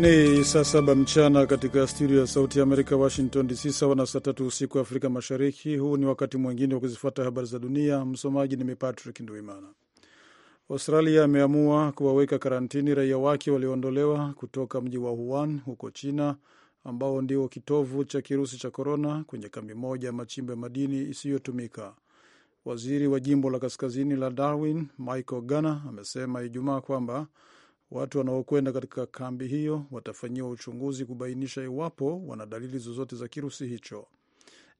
Ni saa saba mchana katika studio ya Sauti ya Amerika, Washington DC, sawa na saa tatu usiku wa Afrika Mashariki. Huu ni wakati mwingine wa kuzifuata habari za dunia. Msomaji ni mimi Patrick Nduimana. Australia ameamua kuwaweka karantini raia wake walioondolewa kutoka mji wa Wuhan huko China, ambao ndio kitovu cha kirusi cha korona, kwenye kambi moja ya machimbo ya madini isiyotumika. Waziri wa jimbo la kaskazini la Darwin, Michael Gana, amesema Ijumaa kwamba Watu wanaokwenda katika kambi hiyo watafanyiwa uchunguzi kubainisha iwapo wana dalili zozote za kirusi hicho.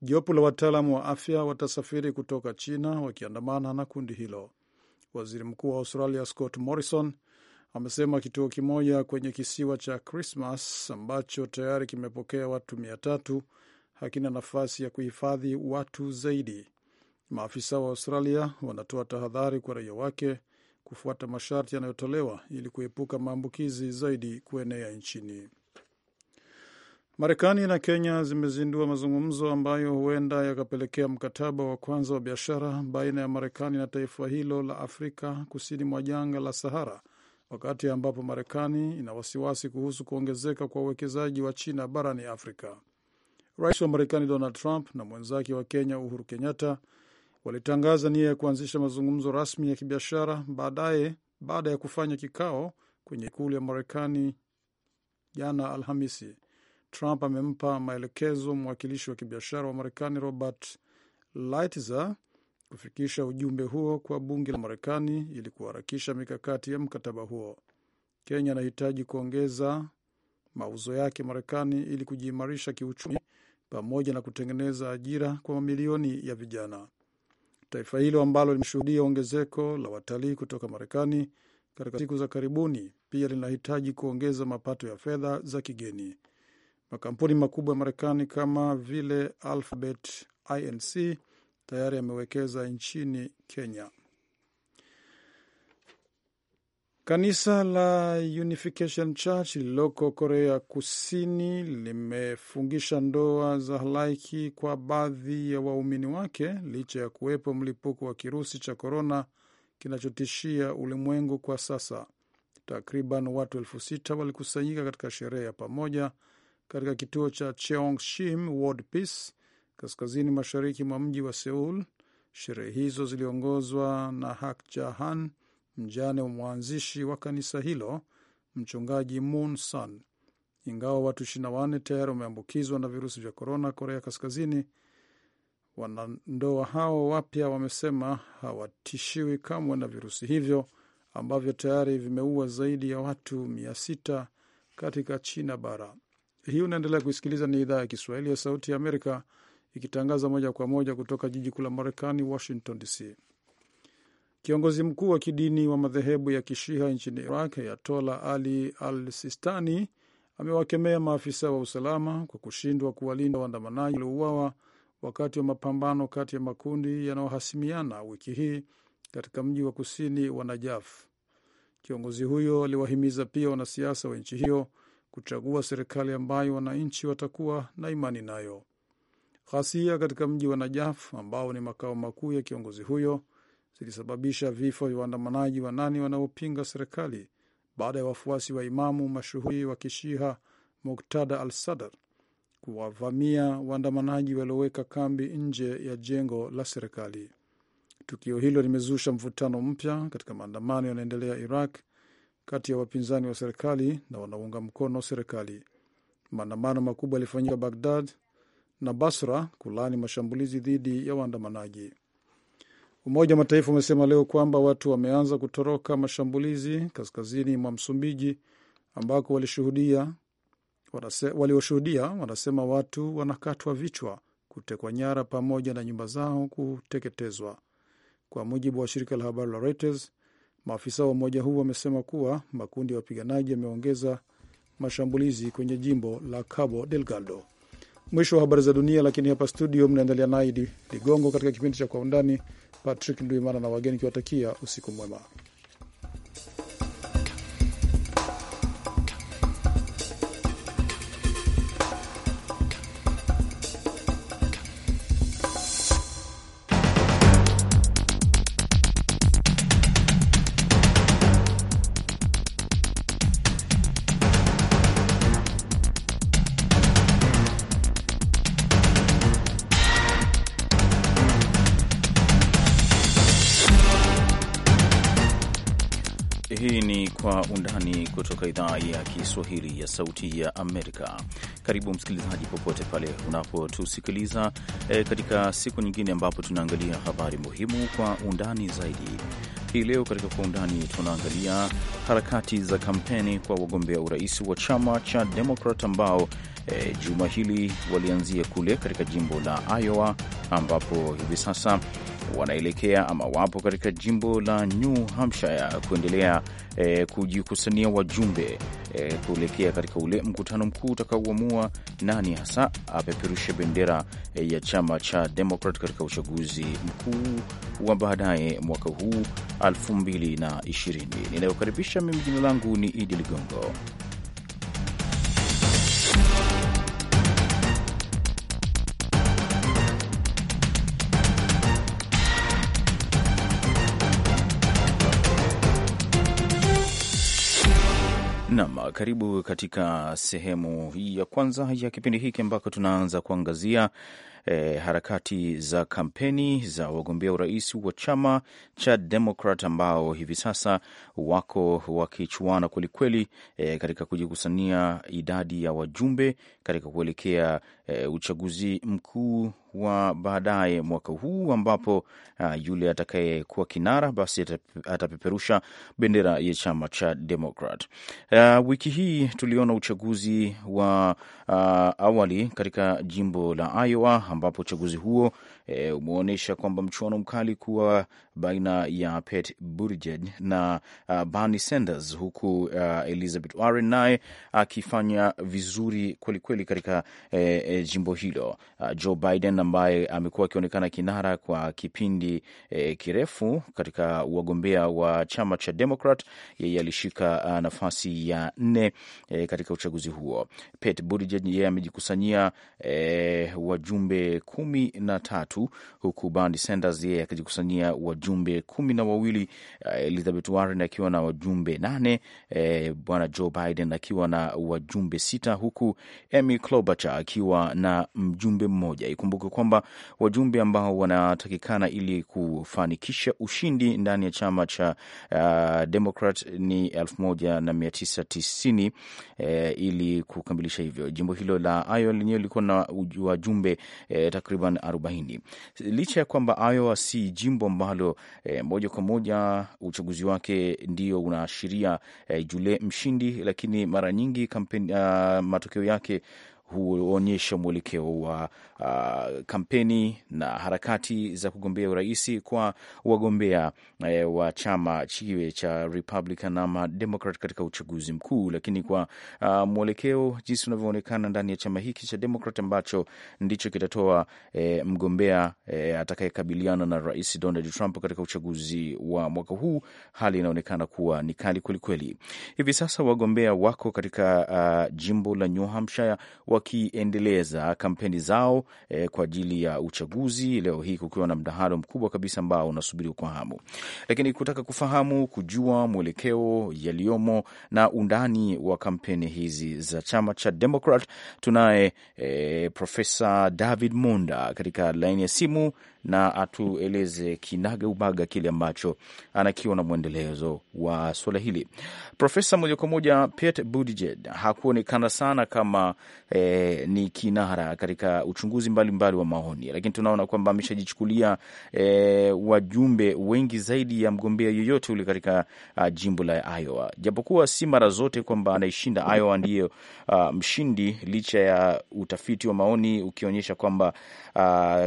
Jopo la wataalamu wa afya watasafiri kutoka China wakiandamana na kundi hilo. Waziri Mkuu wa Australia Scott Morrison amesema kituo kimoja kwenye kisiwa cha Christmas ambacho tayari kimepokea watu mia tatu hakina nafasi ya kuhifadhi watu zaidi. Maafisa wa Australia wanatoa tahadhari kwa raia wake kufuata masharti yanayotolewa ili kuepuka maambukizi zaidi kuenea nchini. Marekani na Kenya zimezindua mazungumzo ambayo huenda yakapelekea mkataba wa kwanza wa biashara baina ya Marekani na taifa hilo la Afrika kusini mwa jangwa la Sahara, wakati ambapo Marekani ina wasiwasi kuhusu kuongezeka kwa uwekezaji wa China barani Afrika. Rais wa Marekani Donald Trump na mwenzake wa Kenya Uhuru Kenyatta walitangaza nia ya kuanzisha mazungumzo rasmi ya kibiashara baadaye baada ya kufanya kikao kwenye ikulu ya Marekani jana Alhamisi. Trump amempa maelekezo mwakilishi wa kibiashara wa Marekani Robert Lighthizer kufikisha ujumbe huo kwa bunge la Marekani ili kuharakisha mikakati ya mkataba huo. Kenya inahitaji kuongeza mauzo yake Marekani ili kujiimarisha kiuchumi pamoja na kutengeneza ajira kwa mamilioni ya vijana. Taifa hilo ambalo limeshuhudia ongezeko la watalii kutoka Marekani katika siku za karibuni pia linahitaji kuongeza mapato ya fedha za kigeni. Makampuni makubwa ya Marekani kama vile Alphabet, Inc tayari yamewekeza nchini Kenya. Kanisa la Unification Church lililoko Korea Kusini limefungisha ndoa za halaiki kwa baadhi ya waumini wake licha ya kuwepo mlipuko wa kirusi cha korona kinachotishia ulimwengu kwa sasa. Takriban watu elfu sita walikusanyika katika sherehe ya pamoja katika kituo cha cheong shim World Peace kaskazini mashariki mwa mji wa Seul. Sherehe hizo ziliongozwa na Hak Jahan, mjane wa mwanzishi wa kanisa hilo mchungaji Moon Sun. Ingawa watu 24 tayari wameambukizwa na virusi vya korona Korea Kaskazini, wanandoa hao wapya wamesema hawatishiwi kamwe na virusi hivyo ambavyo tayari vimeua zaidi ya watu 600 katika China bara. Hii unaendelea kuisikiliza, ni idhaa ya Kiswahili ya Sauti ya Amerika ikitangaza moja kwa moja kutoka jiji kuu la Marekani, Washington DC. Kiongozi mkuu wa kidini wa madhehebu ya kishiha nchini Iraq, Ayatola Ali Al Sistani, amewakemea maafisa wa usalama kwa kushindwa kuwalinda waandamanaji waliouawa wakati wa mapambano kati ya makundi yanayohasimiana wiki hii katika mji wa kusini wa Najaf. Kiongozi huyo aliwahimiza pia wanasiasa wa nchi hiyo kuchagua serikali ambayo wananchi watakuwa na imani nayo. Ghasia katika mji wa Najaf ambao ni makao makuu ya kiongozi huyo zilisababisha vifo vya waandamanaji wanane wanaopinga serikali baada ya wafuasi wa imamu mashuhuri wa kishiha Muktada al Sadar kuwavamia waandamanaji walioweka kambi nje ya jengo la serikali. Tukio hilo limezusha mvutano mpya katika maandamano yanaendelea Iraq kati ya wapinzani wa serikali na wanaunga mkono serikali. Maandamano makubwa yalifanyika Bagdad na Basra kulani mashambulizi dhidi ya waandamanaji. Umoja wa Mataifa umesema leo kwamba watu wameanza kutoroka mashambulizi kaskazini mwa Msumbiji ambako walishuhudia walioshuhudia wanasema watu wanakatwa vichwa, kutekwa nyara, pamoja na nyumba zao kuteketezwa. Kwa mujibu wa shirika la habari la Reuters, maafisa wa umoja huu wamesema kuwa makundi ya wapiganaji yameongeza mashambulizi kwenye jimbo la Cabo Delgado. Mwisho wa habari za dunia, lakini hapa studio mnaendelea naye Ligongo katika kipindi cha Kwa Undani. Patrick Nduimana na wageni kiwatakia usiku mwema. idhaa ya Kiswahili ya Sauti ya Amerika. Karibu msikilizaji, popote pale unapotusikiliza e, katika siku nyingine ambapo tunaangalia habari muhimu kwa undani zaidi. Hii leo katika kwa undani tunaangalia harakati za kampeni kwa wagombea urais wa chama cha Demokrat ambao e, juma hili walianzia kule katika jimbo la Iowa ambapo hivi sasa wanaelekea ama wapo katika jimbo la New Hampshire kuendelea e, eh, kujikusania wajumbe e, kuelekea katika ule mkutano mkuu utakaoamua nani hasa apeperushe bendera e, ya chama cha Demokrat katika uchaguzi mkuu wa baadaye mwaka huu 2020. Ninayokaribisha mimi, jina langu ni Idi Ligongo karibu katika sehemu hii ya kwanza ya kipindi hiki ambako tunaanza kuangazia E, harakati za kampeni za wagombea urais wa chama cha Demokrat ambao hivi sasa wako wakichuana kwelikweli, e, katika kujikusania idadi ya wajumbe katika kuelekea e, uchaguzi mkuu wa baadaye mwaka huu ambapo uh, yule atakayekuwa kinara basi atapeperusha bendera ya chama cha Demokrat. Uh, ah, wiki hii tuliona uchaguzi wa uh, awali katika jimbo la Iowa ambapo uchaguzi huo e, umeonyesha kwamba mchuano mkali kuwa baina ya pet Buttigieg na uh, Bernie Sanders, huku uh, Elizabeth Warren naye akifanya vizuri kwelikweli katika e, e, jimbo hilo. Uh, Joe Biden ambaye amekuwa akionekana kinara kwa kipindi e, kirefu katika wagombea wa chama cha Democrat, yeye alishika uh, nafasi ya nne e, katika uchaguzi huo. Pet Buttigieg yeye amejikusanyia e, wajumbe kumi na tatu tatu huku Bernie Sanders yeye akijikusanyia wajumbe kumi na wawili, eh, Elizabeth Warren akiwa na wajumbe nane, eh, bwana Joe Biden akiwa na wajumbe sita, huku Amy Klobuchar akiwa na mjumbe mmoja. Ikumbuke kwamba wajumbe ambao wanatakikana ili kufanikisha ushindi ndani ya chama cha uh, Democrat ni elfu moja na mia tisa tisini ili kukamilisha hivyo. Jimbo hilo la Iowa lenyewe lilikuwa na wajumbe eh, takriban arobaini licha ya kwamba Iowa si jimbo ambalo e, moja kwa moja uchaguzi wake ndio unaashiria e, jule mshindi, lakini mara nyingi kampeni, uh, matokeo yake huonyesha mwelekeo wa uh, kampeni na harakati za kugombea urais kwa wagombea uh, wa chama chiwe cha Republican ama Democrat katika uchaguzi mkuu, lakini kwa uh, mwelekeo jinsi unavyoonekana ndani ya chama hiki cha Democrat ambacho ndicho kitatoa uh, mgombea uh, atakayekabiliana na Rais Donald Trump katika uchaguzi wa mwaka huu, hali inaonekana kuwa ni kali kwelikweli. Hivi sasa wagombea wako katika uh, jimbo la New Hampshire wa wakiendeleza kampeni zao e, kwa ajili ya uchaguzi, leo hii kukiwa na mdahalo mkubwa kabisa ambao unasubiriwa kwa hamu. Lakini kutaka kufahamu, kujua mwelekeo yaliyomo na undani wa kampeni hizi za chama cha Democrat, tunaye e, Profesa David Munda katika laini ya simu na atueleze kinaga ubaga kile ambacho anakiona mwendelezo wa suala hili. Profesa, moja kwa moja, Pete Buttigieg hakuonekana sana kama eh, ni kinara katika uchunguzi mbalimbali mbali wa maoni, lakini tunaona kwamba ameshajichukulia eh, wajumbe wengi zaidi ya mgombea yoyote ule katika uh, jimbo la Iowa, japokuwa si mara zote kwamba anaishinda Iowa ndiyo uh, mshindi, licha ya utafiti wa maoni ukionyesha kwamba uh,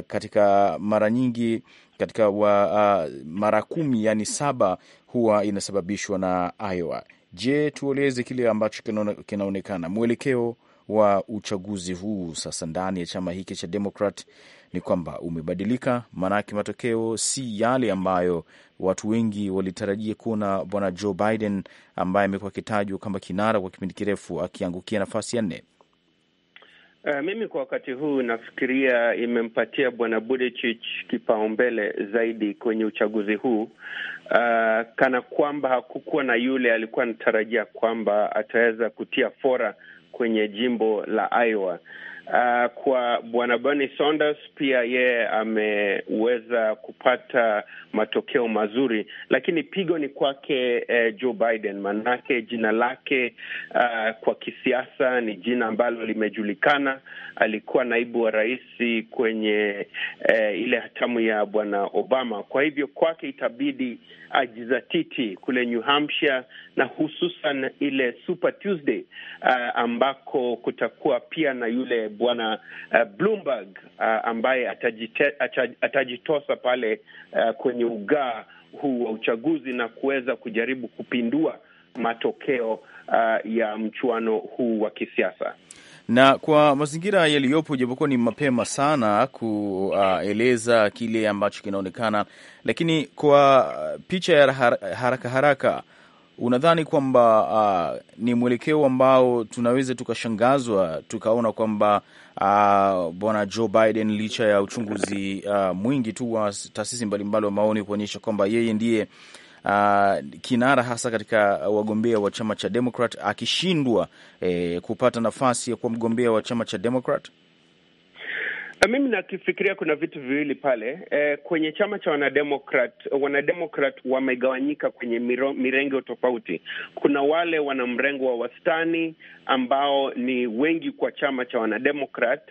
katika mara mara nyingi katika wa, uh, mara kumi yani saba huwa inasababishwa na Iowa. Je, tueleze kile ambacho kinaonekana mwelekeo wa uchaguzi huu sasa ndani ya chama hiki cha demokrat ni kwamba umebadilika, maanake matokeo si yale ambayo watu wengi walitarajia kuona bwana Joe Biden ambaye amekuwa akitajwa kwamba kinara kwa kipindi kirefu akiangukia nafasi ya nne. Uh, mimi kwa wakati huu nafikiria imempatia Bwana budichich kipaumbele zaidi kwenye uchaguzi huu, uh, kana kwamba hakukuwa na yule alikuwa anatarajia kwamba ataweza kutia fora kwenye jimbo la Iowa. Uh, kwa bwana Bernie Sanders pia yeye ameweza kupata matokeo mazuri, lakini pigo ni kwake eh, Joe Biden, manake jina lake uh, kwa kisiasa ni jina ambalo limejulikana. Alikuwa naibu wa rais kwenye eh, ile hatamu ya bwana Obama. Kwa hivyo kwake itabidi ajizatiti kule New Hampshire na hususan ile Super Tuesday uh, ambako kutakuwa pia na yule bwana uh, Bloomberg uh, ambaye atajitosa pale uh, kwenye ugaa huu wa uchaguzi na kuweza kujaribu kupindua matokeo uh, ya mchuano huu wa kisiasa na kwa mazingira yaliyopo, japokuwa ni mapema sana kueleza uh, kile ambacho kinaonekana, lakini kwa picha ya haraka haraka unadhani kwamba uh, ni mwelekeo ambao tunaweza tukashangazwa tukaona kwamba uh, bwana Joe Biden licha ya uchunguzi uh, mwingi tu wa taasisi mbalimbali wa maoni kuonyesha kwamba yeye ndiye Uh, kinara hasa katika wagombea wa chama cha Democrat akishindwa eh, kupata nafasi ya kuwa mgombea wa chama cha Democrat. Eh, mimi nakifikiria kuna vitu viwili pale e, kwenye chama cha wanademokrat. Wanademokrat wamegawanyika kwenye mirengo tofauti. Kuna wale wana mrengo wa wastani ambao ni wengi kwa chama cha wanademokrat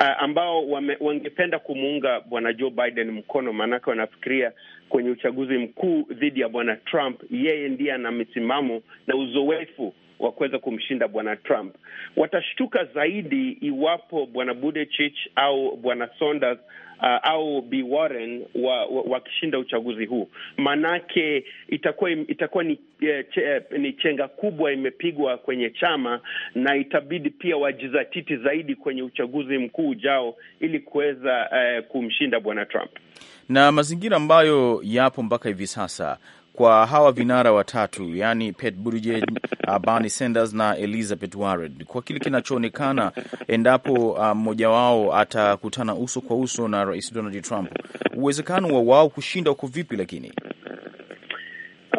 eh, ambao wame, wangependa kumuunga bwana Joe Biden mkono, maanake wanafikiria kwenye uchaguzi mkuu dhidi ya bwana Trump, yeye ndiye ana misimamo na uzoefu wa kuweza kumshinda bwana Trump. Watashtuka zaidi iwapo bwana budechich au bwana Sanders Uh, au b Warren wakishinda wa, wa uchaguzi huu, maanake itakuwa itakuwa ni, eh, eh, ni chenga kubwa imepigwa kwenye chama, na itabidi pia wajizatiti zaidi kwenye uchaguzi mkuu ujao ili kuweza eh, kumshinda bwana Trump na mazingira ambayo yapo mpaka hivi sasa kwa hawa vinara watatu yani Pete Buttigieg, uh, Bernie Sanders na Elizabeth Warren, kwa kile kinachoonekana, endapo uh, mmoja um, wao atakutana uso kwa uso na Rais Donald Trump, uwezekano wa wao kushinda uko vipi? Lakini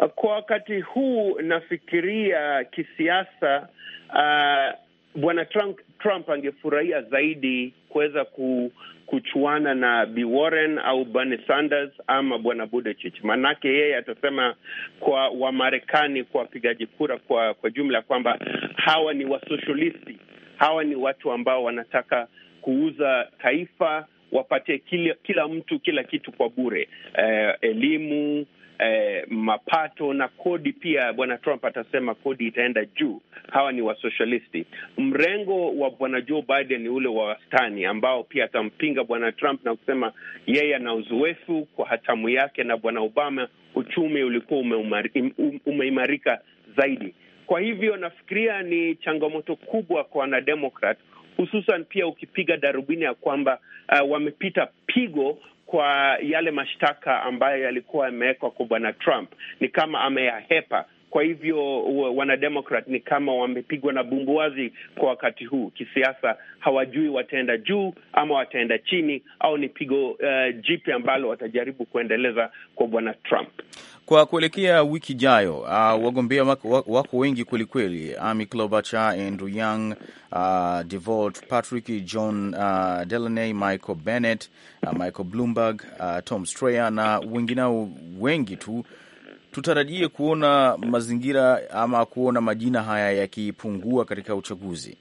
uh, kwa wakati huu nafikiria kisiasa, uh, bwana Trump, Trump angefurahia zaidi kuweza ku kuchuana na Bi Warren au Bernie Sanders ama bwana Buttigieg, maanake yeye atasema kwa Wamarekani, kwa wapigaji kura kwa, kwa jumla kwamba hawa ni wasoshalisti, hawa ni watu ambao wanataka kuuza taifa, wapatie kila, kila mtu kila kitu kwa bure, eh, elimu eh, mapato na kodi pia. Bwana Trump atasema kodi itaenda juu. Hawa ni wasoshalisti. Mrengo wa bwana Joe Biden ni ule wa wastani ambao pia atampinga bwana Trump na kusema yeye ana uzoefu kwa hatamu yake na bwana Obama, uchumi ulikuwa um-, umeimarika zaidi. Kwa hivyo nafikiria ni changamoto kubwa kwa wanademokrat hususan pia ukipiga darubini ya kwamba uh, wamepita pigo kwa yale mashtaka ambayo yalikuwa yamewekwa kwa bwana Trump, ni kama ameyahepa kwa hivyo wanademokrat ni kama wamepigwa na bumbuazi kwa wakati huu kisiasa, hawajui wataenda juu ama wataenda chini, au ni pigo uh, eh, jipya ambalo watajaribu kuendeleza kwa bwana Trump kwa kuelekea wiki ijayo. Uh, wagombea wako, wengi kwelikweli: Amy Klobuchar, Andrew young uh, ah, Devolt Patrick, John uh, Delaney, Michael Bennett, uh, Michael Bloomberg, uh, Tom Steyer na wengineo wengi tu tutarajie kuona mazingira ama kuona majina haya yakipungua katika uchaguzi?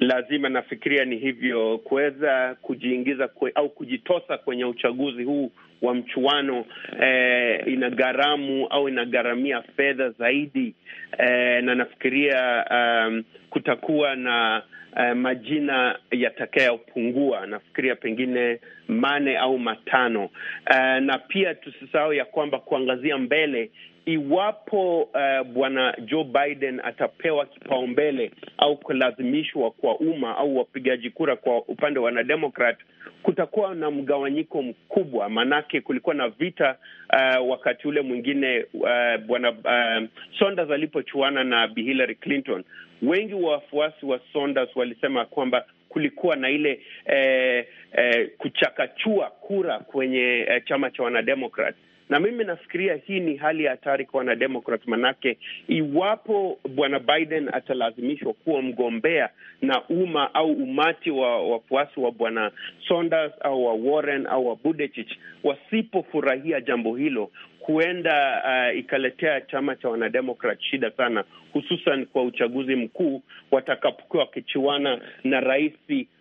Lazima, nafikiria ni hivyo, kuweza kujiingiza kwe, au kujitosa kwenye uchaguzi huu wa mchuano eh, gharamu au inagharamia fedha zaidi eh, na nafikiria um, kutakuwa na eh, majina yatakayopungua, nafikiria pengine mane au matano. eh, na pia tusisahau ya kwamba kuangazia mbele iwapo uh, bwana Joe Biden atapewa kipaumbele au kulazimishwa kwa umma au wapigaji kura kwa upande wa wanademokrat, kutakuwa na mgawanyiko mkubwa, maanake kulikuwa na vita uh, wakati ule mwingine uh, bwana uh, Sanders alipochuana na Bi Hillary Clinton. Wengi wa wafuasi wa Sanders walisema kwamba kulikuwa na ile eh, eh, kuchakachua kura kwenye eh, chama cha wanademokrat na mimi nafikiria hii ni hali ya hatari kwa wanademokrat, manake iwapo bwana Biden atalazimishwa kuwa mgombea na umma au umati wa wafuasi wa bwana Sanders au wa Warren au wa Buttigieg wasipofurahia jambo hilo, huenda uh, ikaletea chama cha wanademokrat shida sana hususan kwa uchaguzi mkuu watakapokuwa wakichuana na rais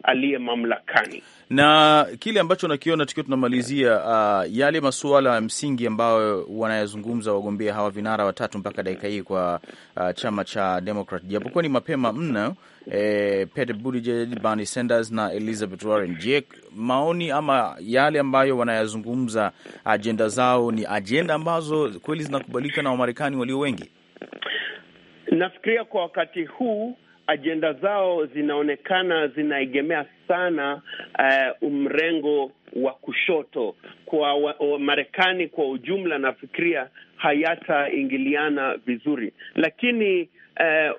aliye mamlakani. Na kile ambacho nakiona tukiwa tunamalizia, uh, yale masuala ya msingi ambayo wanayazungumza wagombea hawa vinara watatu mpaka dakika hii kwa uh, chama cha Demokrat, japokuwa ni mapema mno eh, Pete Buttigieg, Bernie Sanders na Elizabeth Warren. Je, maoni ama yale ambayo wanayazungumza, ajenda zao ni ajenda ambazo kweli zinakubalika na Wamarekani walio wengi? Nafikiria kwa wakati huu ajenda zao zinaonekana zinaegemea sana uh, mrengo wa kushoto kwa Marekani kwa ujumla. Nafikiria hayataingiliana vizuri, lakini uh,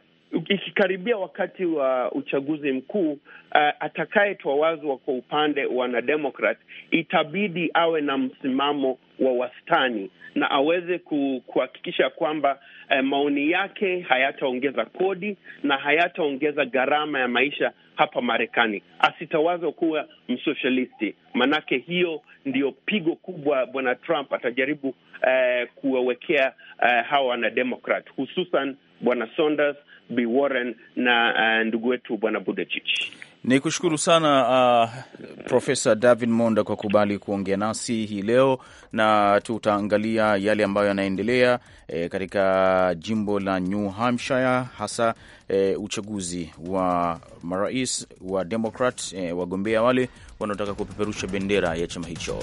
ikikaribia wakati wa uchaguzi mkuu uh, eh, atakayetwa wazwa kwa upande wa wanademokrat itabidi awe na msimamo wa wastani na aweze kuhakikisha kwamba eh, maoni yake hayataongeza kodi na hayataongeza gharama ya maisha hapa Marekani. Asitawazwa kuwa msosialisti, manake hiyo ndiyo pigo kubwa bwana Trump atajaribu eh, kuwawekea eh, hawa wanademokrat hususan bwana Sanders, Bi Warren na eh, ndugu wetu bwana Buttigieg. Ni kushukuru sana uh, Profesa David Monda kwa kubali kuongea nasi hii leo, na tutaangalia yale ambayo yanaendelea e, katika jimbo la New Hampshire hasa e, uchaguzi wa marais wa Democrat e, eh, wagombea wale wanaotaka kupeperusha bendera ya chama hicho.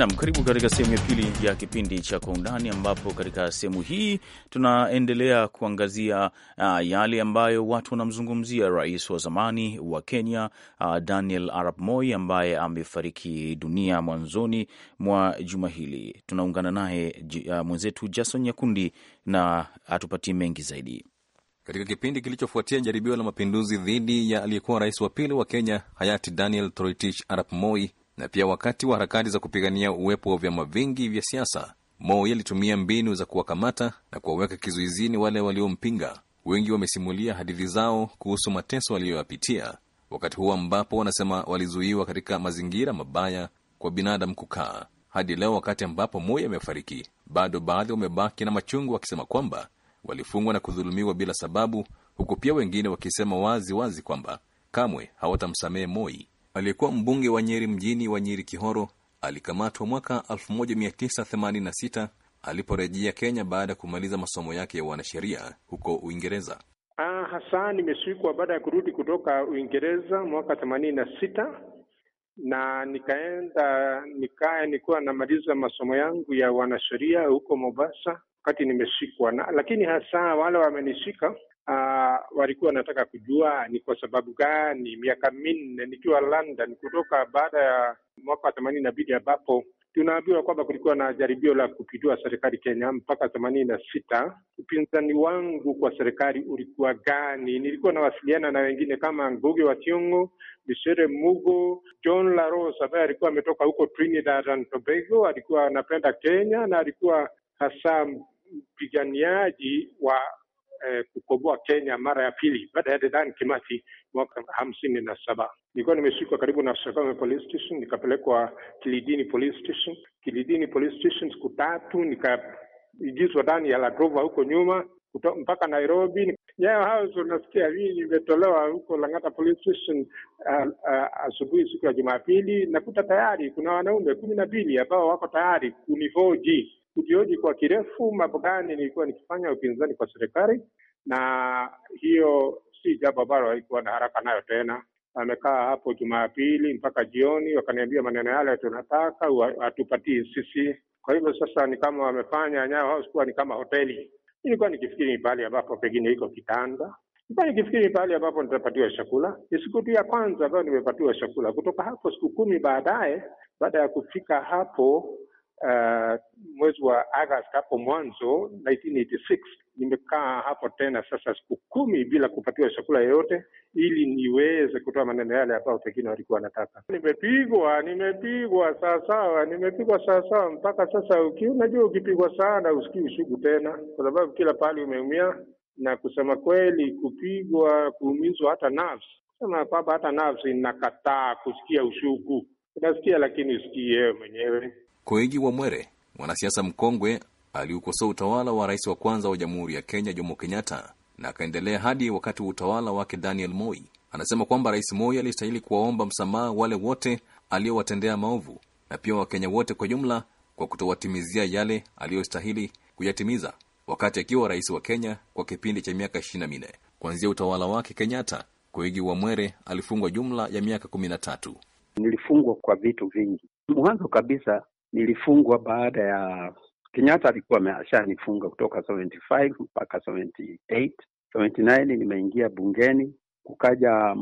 Nam, karibu katika sehemu ya pili ya kipindi cha Kwa Undani, ambapo katika sehemu hii tunaendelea kuangazia uh, yale ambayo watu wanamzungumzia rais wa zamani wa Kenya uh, Daniel Arap Moi ambaye amefariki dunia mwanzoni mwa juma hili. Tunaungana naye uh, mwenzetu Jason Nyakundi na atupatie mengi zaidi. Katika kipindi kilichofuatia jaribio la mapinduzi dhidi ya aliyekuwa rais wa pili wa Kenya hayati Daniel Toroitich Arap Moi na pia wakati wa harakati za kupigania uwepo wa vyama vingi vya siasa. Moi alitumia mbinu za kuwakamata na kuwaweka kizuizini wale waliompinga. Wengi wamesimulia hadithi zao kuhusu mateso waliyoyapitia wakati huo, ambapo wanasema walizuiwa katika mazingira mabaya kwa binadamu kukaa. Hadi leo, wakati ambapo Moi amefariki, bado baadhi wamebaki na machungu, wakisema kwamba walifungwa na kudhulumiwa bila sababu, huku pia wengine wakisema wazi wazi kwamba kamwe hawatamsamehe Moi aliyekuwa mbunge wa Nyeri mjini wa Nyeri Kihoro alikamatwa mwaka 1986 aliporejea Kenya baada ya kumaliza masomo yake ya wanasheria huko Uingereza. Ah, hasa nimeshikwa baada ya kurudi kutoka Uingereza mwaka themanini na sita na nikaenda nikaa nikuwa namaliza masomo yangu ya wanasheria huko Mombasa wakati nimeshikwa na, lakini hasa wale wamenishika uh, walikuwa wanataka kujua ni kwa sababu gani miaka minne nikiwa London kutoka baada ya mwaka wa themanini na mbili ambapo tunaambiwa kwamba kulikuwa na jaribio la kupindua serikali Kenya mpaka themanini na sita. Upinzani wangu kwa serikali ulikuwa gani? Nilikuwa nawasiliana na wengine kama Ngugi wa Thiong'o, Michere Mugo, John LaRose ambaye alikuwa ametoka huko Trinidad and Tobago, alikuwa anapenda Kenya na alikuwa hasa mpiganiaji wa eh, Kenya mara ya pili baada ya Dedan Kimathi mwaka hamsini na saba. Nilikuwa nimeshikwa karibu na Shakame Police Station, nikapelekwa Kilidini Police Station. Kilidini Police Station siku tatu, nikaigizwa ndani ya Land Rover huko nyuma kuto, mpaka Nairobi. Nyayo hayo unasikia hii, nimetolewa huko Lang'ata Police Station asubuhi siku ya Jumapili, nakuta tayari kuna wanaume kumi na mbili ambao wako tayari kunivoji kujioji kwa kirefu mambo gani nilikuwa nikifanya upinzani kwa serikali, na hiyo si jambo ambalo haikuwa na haraka nayo tena. Amekaa hapo Jumapili mpaka jioni, wakaniambia maneno yale tunataka hatupatii sisi. Kwa hivyo sasa ni kama wamefanya Nyayo House kuwa ni kama hoteli. Nilikuwa nikifikiri ni pahali ambapo pengine iko kitanda, nilikuwa nikifikiri pahali ambapo nitapatiwa chakula. Ni siku tu ya kwanza ambayo nimepatiwa chakula. Kutoka hapo siku kumi baadaye, baada ya kufika hapo Uh, mwezi wa Agosti hapo mwanzo 1986 nimekaa hapo tena sasa siku kumi bila kupatiwa chakula yoyote, ili niweze kutoa maneno yale ambayo pengine walikuwa wanataka. Nimepigwa, nimepigwa sawasawa, nimepigwa sawasawa mpaka sasa. unajua ukipigwa sana usikii usugu tena, kwa sababu kila pahali umeumia, na kusema kweli, kupigwa, kuumizwa, hata nafsi kusema kwamba hata nafsi inakataa kusikia usugu, unasikia lakini usikii yewe mwenyewe. Koigi wa Mwere, mwanasiasa mkongwe, aliukosoa utawala wa rais wa kwanza wa Jamhuri ya Kenya Jomo Kenyatta na akaendelea hadi wakati wa utawala wake Daniel Moi. Anasema kwamba Rais Moi alistahili kuwaomba msamaha wale wote aliyowatendea maovu na pia Wakenya wote kwa jumla kwa kutowatimizia yale aliyostahili kuyatimiza wakati akiwa rais wa Kenya kwa kipindi cha miaka 24. Kuanzia utawala wake Kenyatta, Koigi wa Mwere alifungwa jumla ya miaka kumi na tatu. Nilifungwa kwa vitu vingi. Mwanzo kabisa nilifungwa baada ya Kenyatta alikuwa ameshanifunga kutoka 75 mpaka 78 79 nimeingia bungeni, kukaja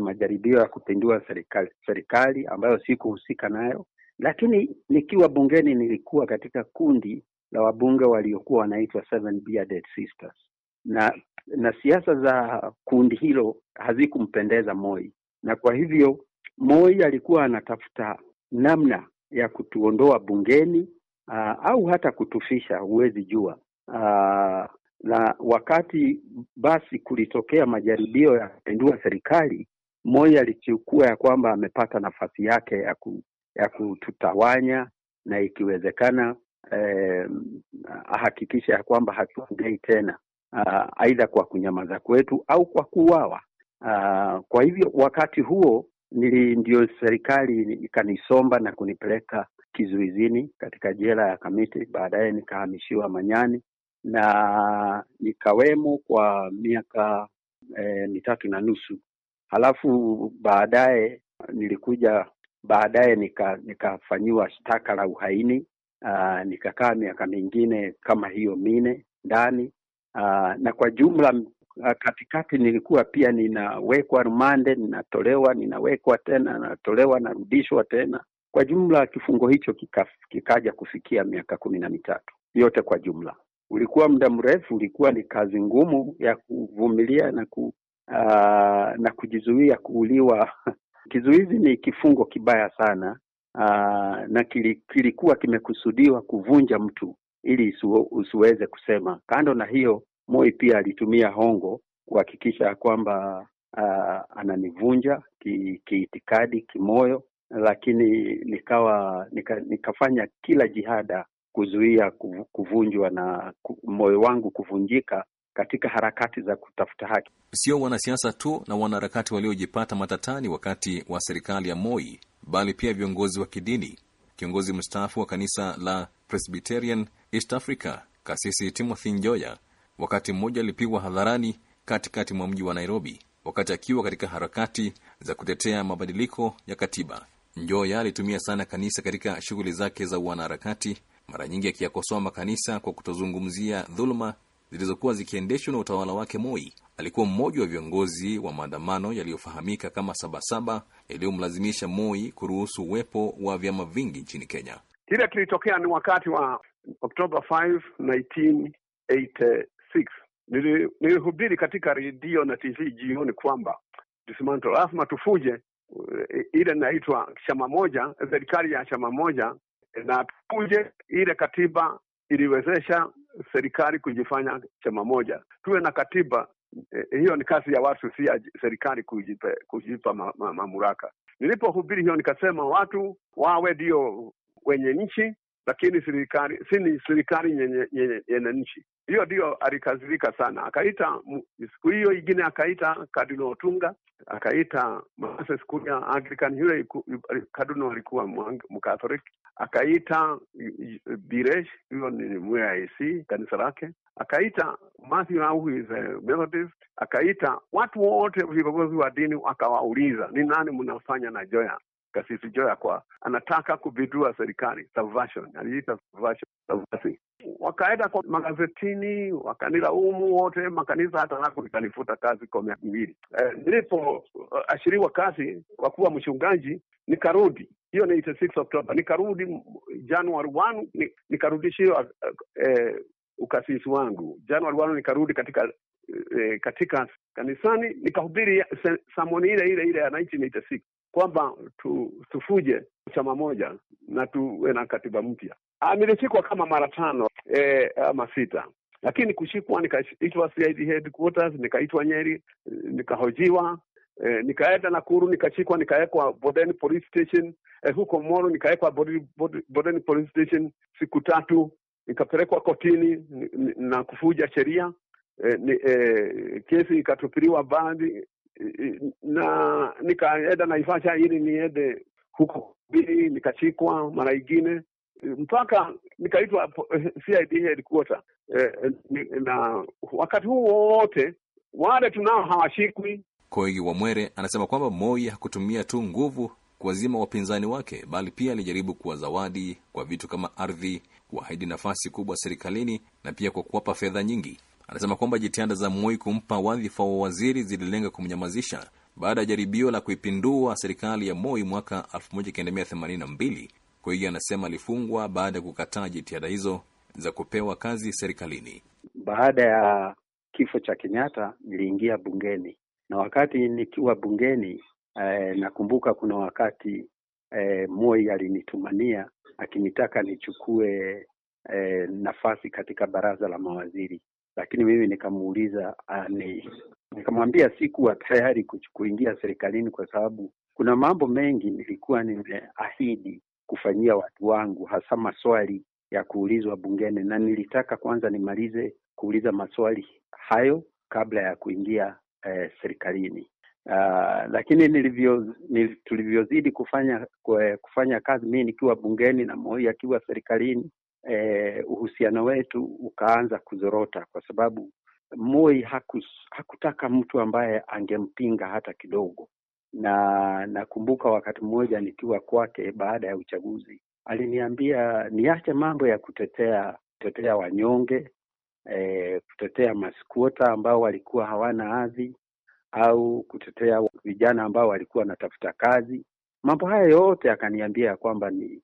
majaribio ya kupindua serikali, serikali ambayo sikuhusika nayo, lakini nikiwa bungeni nilikuwa katika kundi la wabunge waliokuwa wanaitwa Seven Bearded Sisters na na siasa za kundi hilo hazikumpendeza Moi, na kwa hivyo Moi alikuwa anatafuta namna ya kutuondoa bungeni uh, au hata kutufisha, huwezi jua uh, na wakati basi kulitokea majaribio ya kupindua serikali, Moi alichukua ya kwamba amepata nafasi yake ya, ku, ya kututawanya na ikiwezekana eh, ahakikisha ya kwamba hatuongei tena, ah, aidha kwa kunyamaza kwetu au kwa kuuawa. Kwa hivyo wakati huo nili ndio serikali ikanisomba na kunipeleka kizuizini katika jela ya Kamiti. Baadaye nikahamishiwa Manyani na nikawemo kwa miaka e, mitatu na nusu. Halafu baadaye nilikuja baadaye nika nikafanyiwa shtaka la uhaini. Ah, nikakaa miaka mingine kama hiyo mine ndani. Aa, ah, na kwa jumla Ah, katikati nilikuwa pia ninawekwa rumande, ninatolewa, ninawekwa tena, natolewa, narudishwa tena. Kwa jumla kifungo hicho kika, kikaja kufikia miaka kumi na mitatu yote kwa jumla. Ulikuwa muda mrefu, ulikuwa ni kazi ngumu ya kuvumilia na ku, ah, na kujizuia kuuliwa. Kizuizi ni kifungo kibaya sana aa, ah, na kilikuwa kimekusudiwa kuvunja mtu ili usiweze kusema. Kando na hiyo Moi pia alitumia hongo kuhakikisha kwamba uh, ananivunja kiitikadi ki kimoyo, lakini nikawa nika, nikafanya kila jihada kuzuia kuvunjwa na moyo wangu kuvunjika katika harakati za kutafuta haki. Sio wanasiasa tu na wanaharakati waliojipata matatani wakati wa serikali ya Moi, bali pia viongozi wa kidini. Kiongozi mstaafu wa kanisa la Presbyterian East Africa Kasisi Timothy Njoya wakati mmoja alipigwa hadharani katikati mwa mji wa Nairobi wakati akiwa katika harakati za kutetea mabadiliko ya katiba. Njoya alitumia sana kanisa katika shughuli zake za wanaharakati, mara nyingi akiyakosoa makanisa kwa kutozungumzia dhuluma zilizokuwa zikiendeshwa na utawala wake Moi. Alikuwa mmoja wa viongozi wa maandamano yaliyofahamika kama Sabasaba yaliyomlazimisha Moi kuruhusu uwepo wa vyama vingi nchini Kenya. Kile kilitokea ni wakati wa Oktoba 5, nilihubiri katika redio na TV jioni kwamba tusimame, lazima tufuje e, ile inaitwa chama moja, serikali ya chama moja, na tufuje ile katiba iliwezesha serikali kujifanya chama moja. Tuwe na katiba e, hiyo ni kazi ya watu, si ya serikali kujipa, kujipa mamlaka ma, ma, nilipohubiri hiyo nikasema watu wawe ndio wenye nchi lakini serikali si ni serikali yenye nchi. Hiyo ndio alikazirika sana, akaita siku hiyo ingine, akaita Kadino Otunga, akaita Moses Kuria Anglican, yule Kadino alikuwa Mkatholiki, akaita Biresh, hiyo ni MAIC kanisa lake, akaita Matthew is a Methodist, akaita watu wote viongozi wa dini, akawauliza ni nani mnafanya na Joya Kasisi kwa anataka kupindua serikali, subversion, aliita subversion, subversion. Wakaenda kwa magazetini wakanilaumu wote makanisa, hata naku nikanifuta kazi kwa miaka miwili. Eh, nilipoashiriwa uh, kazi kwa kuwa mchungaji nikarudi hiyo ni 86 Oktoba, nikarudi Januari 1 ni, nikarudishiwa uh, eh, ukasisi wangu Januari 1 nikarudi katika eh, katika kanisani nikahubiri samoni ile ile ile ya 1986 kwamba tu, tufuje chama moja na tuwe na katiba mpya. Ah, nilishikwa kama mara tano e, ama sita, lakini kushikwa, nikaitwa CID headquarters, nikaitwa Nyeri, nikahojiwa e, nikaenda Nakuru, nikashikwa, nikawekwa Bodeni police station e, huko Moro nikawekwa police station siku tatu, nikapelekwa kotini na kufuja sheria. E, e, kesi ikatupiliwa mbali na nikaenda Naivasha ili niende huko bili, nikachikwa mara ingine mpaka nikaitwa CID headquarter eh, na wakati huu wowote wale tunao hawashikwi. Koigi Wamwere anasema kwamba Moi hakutumia tu nguvu kuwazima wapinzani wake, bali pia alijaribu kuwa zawadi kwa vitu kama ardhi, kuahidi nafasi kubwa serikalini na pia kwa kuwapa fedha nyingi. Anasema kwamba jitihada za Moi kumpa wadhifa wa waziri zililenga kumnyamazisha baada ya jaribio la kuipindua serikali ya Moi mwaka 1982. Kwa hiyo anasema alifungwa baada ya kukataa jitihada hizo za kupewa kazi serikalini. Baada ya kifo cha Kenyatta niliingia bungeni, na wakati nikiwa bungeni eh, nakumbuka kuna wakati eh, Moi alinitumania akinitaka nichukue eh, nafasi katika baraza la mawaziri lakini mimi nikamuuliza ani, ah, nikamwambia sikuwa tayari kuingia serikalini kwa sababu kuna mambo mengi nilikuwa nimeahidi kufanyia watu wangu, hasa maswali ya kuulizwa bungeni, na nilitaka kwanza nimalize kuuliza maswali hayo kabla ya kuingia eh, serikalini. Uh, lakini nilivyo, nil, tulivyozidi kufanya kwe, kufanya kazi mimi nikiwa bungeni na Moi akiwa serikalini, eh, uhusiano wetu ukaanza kuzorota, kwa sababu Moi hakus, hakutaka mtu ambaye angempinga hata kidogo. Na nakumbuka wakati mmoja nikiwa kwake baada ya uchaguzi, aliniambia niache mambo ya kutetea kutetea wanyonge eh, kutetea maskuota ambao walikuwa hawana hadhi au kutetea vijana ambao walikuwa wanatafuta kazi. Mambo haya yote akaniambia kwamba ni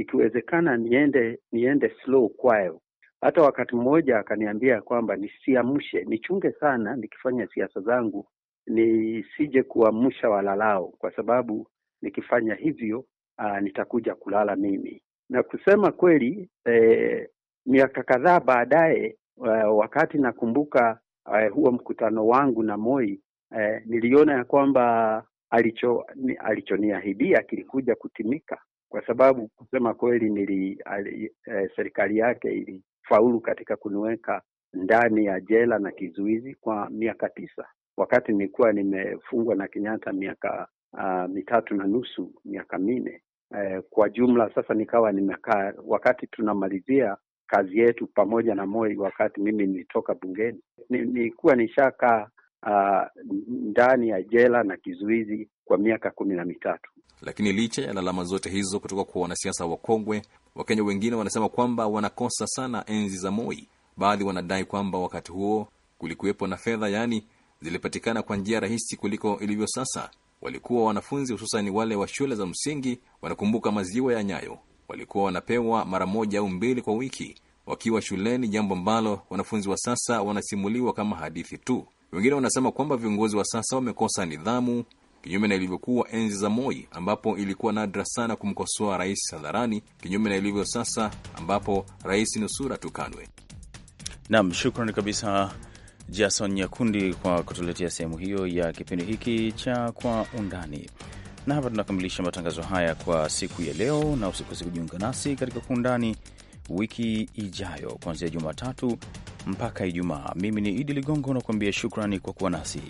ikiwezekana niende niende slow kwayo. Hata wakati mmoja akaniambia kwamba nisiamshe, nichunge sana nikifanya siasa zangu, nisije kuamsha walalao, kwa sababu nikifanya hivyo aa, ah, nitakuja kulala mimi. Na kusema kweli, e, miaka kadhaa baadaye, eh, wakati nakumbuka e, huo mkutano wangu na Moi e, niliona ya kwamba alicho alichoniahidia kilikuja kutimika kwa sababu kusema kweli nili ali, eh, serikali yake ilifaulu katika kuniweka ndani ya jela na kizuizi kwa miaka tisa wakati nilikuwa nimefungwa na Kenyatta miaka uh, mitatu na nusu miaka minne eh, kwa jumla sasa nikawa nimekaa wakati tunamalizia kazi yetu pamoja na Moi, wakati mimi nilitoka bungeni, nilikuwa nishakaa uh, ndani ya jela na kizuizi kwa miaka kumi na mitatu. Lakini licha ya lalama zote hizo kutoka kwa wanasiasa wakongwe, Wakenya wengine wanasema kwamba wanakosa sana enzi za Moi. Baadhi wanadai kwamba wakati huo kulikuwepo na fedha, yaani zilipatikana kwa njia rahisi kuliko ilivyo sasa. Walikuwa wanafunzi, hususani wale wa shule za msingi, wanakumbuka maziwa ya Nyayo, walikuwa wanapewa mara moja au mbili kwa wiki wakiwa shuleni, jambo ambalo wanafunzi wa sasa wanasimuliwa kama hadithi tu. Wengine wanasema kwamba viongozi wa sasa wamekosa nidhamu, kinyume na ilivyokuwa enzi za Moi ambapo ilikuwa nadra sana kumkosoa rais hadharani, kinyume na ilivyo sasa ambapo rais nusura tukanwe. Nam, shukrani kabisa Jason Nyakundi kwa kutuletea sehemu hiyo ya kipindi hiki cha Kwa Undani, na hapa tunakamilisha matangazo haya kwa siku ya leo, na usikose kujiunga nasi katika Kwa Undani wiki ijayo kuanzia Jumatatu mpaka Ijumaa. Mimi ni Idi Ligongo nakuambia shukrani kwa kuwa nasi.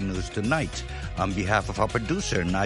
News tonight. On behalf of our producer,